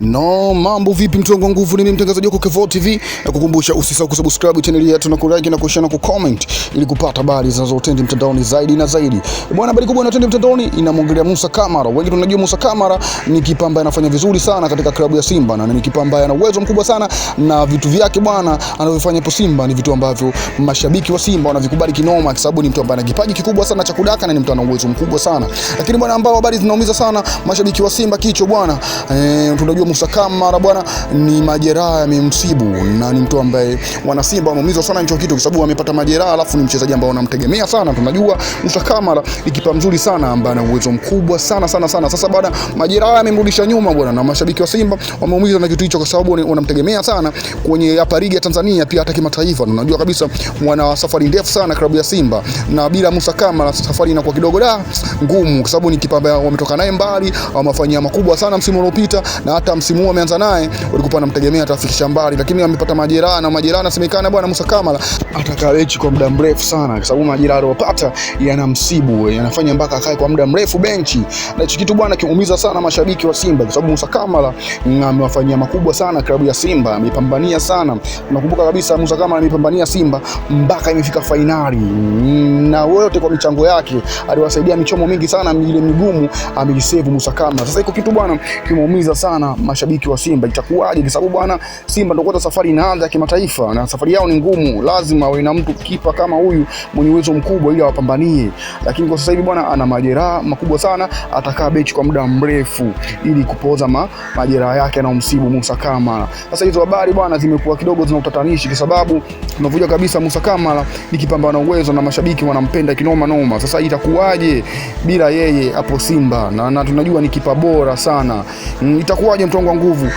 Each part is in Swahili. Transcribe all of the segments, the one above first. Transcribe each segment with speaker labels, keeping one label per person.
Speaker 1: No, mambo vipi mtu wangu nguvu, ni mimi mtangazaji wako Kevoo TV, na kukumbusha usisahau kusubscribe channel yetu na kulike na kushare na kucomment ili kupata habari zinazotendi mtandaoni zaidi na zaidi. Bwana, habari kubwa inatendi mtandaoni inamwongelea Musa Kamara. Wengi tunajua Musa Kamara ni kipa ambaye anafanya vizuri sana katika klabu ya Simba na ni kipa ambaye ana uwezo mkubwa sana na vitu vyake bwana anavyofanya hapo Simba ni vitu ambavyo mashabiki wa Simba wanavikubali kinoma kwa sababu ni mtu ambaye ana kipaji kikubwa sana cha kudaka na ni mtu ana uwezo mkubwa sana. Lakini bwana, ambao habari zinaumiza sana mashabiki wa Simba kicho bwana. Eh, tunajua Musa Kamara bwana, ni majeraha yamemsibu na ni mtu ambaye wana Simba wameumizwa sana hicho kitu, kwa sababu amepata majeraha, alafu ni mchezaji ambaye wanamtegemea sana. Tunajua Musa Kamara ni kipa mzuri sana ambaye ana uwezo mkubwa sana sana sana. Sasa bwana, majeraha yamemrudisha nyuma bwana, na mashabiki wa Simba wameumizwa na kitu hicho, kwa sababu wanamtegemea sana kwenye hapa ligi ya Tanzania, pia hata kimataifa. Tunajua kabisa mwana wa safari ndefu sana klabu ya Simba, na bila Musa Kamara safari inakuwa kidogo da ngumu, kwa sababu ni kipa ambaye wametoka naye mbali, wamefanyia makubwa sana msimu uliopita na hata msimu huu ameanza naye, ulikuwa anamtegemea atafikisha mbali, lakini amepata majeraha na majeraha nasemekana bwana Musa Kamala atakaa benchi kwa muda mrefu sana, kwa sababu majeraha aliyopata yanamsibu, yanafanya mpaka akae kwa muda mrefu benchi, na hicho kitu bwana kiumiza sana mashabiki wa Simba, kwa sababu Musa Kamala mm, amewafanyia makubwa sana klabu ya Simba, amepambania sana. Nakumbuka kabisa Musa Kamala amepambania Simba mpaka imefika fainali, mm, na wote kwa michango yake aliwasaidia michomo mingi sana ile migumu amejisave Musa Kamala. Sasa iko kitu bwana kimeumiza sana mashabiki wa Simba itakuwaje? Kwa sababu bwana, Simba ndio kwanza safari inaanza ya kimataifa, na safari yao ni ngumu. Lazima awe na mtu kipa kama huyu mwenye uwezo mkubwa ili awapambanie, lakini kwa sasa hivi bwana ana majeraha makubwa sana, atakaa bechi kwa muda mrefu ili kupoza ma, majeraha yake na msibu Musa Kamara. Sasa hizo habari bwana zimekuwa kidogo zina kwa sababu tunavuja kabisa Musa Kamara ni kipambana na uwezo na mashabiki wanampenda kinoma noma. Sasa itakuwaje bila yeye hapo Simba na, na tunajua ni kipa bora sana, mm, itakuwaje mtu wa nguvu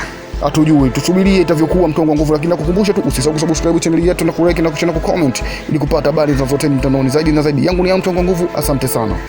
Speaker 1: hatujui, tusubirie itavyokuwa mtongwa nguvu, lakini nakukumbusha tu usisahau kusubscribe channel yetu na kulike na kushare na kucomment ili kupata habari za zote mtandaoni zaidi na zaidi. Yangu ni ya wa nguvu, asante sana.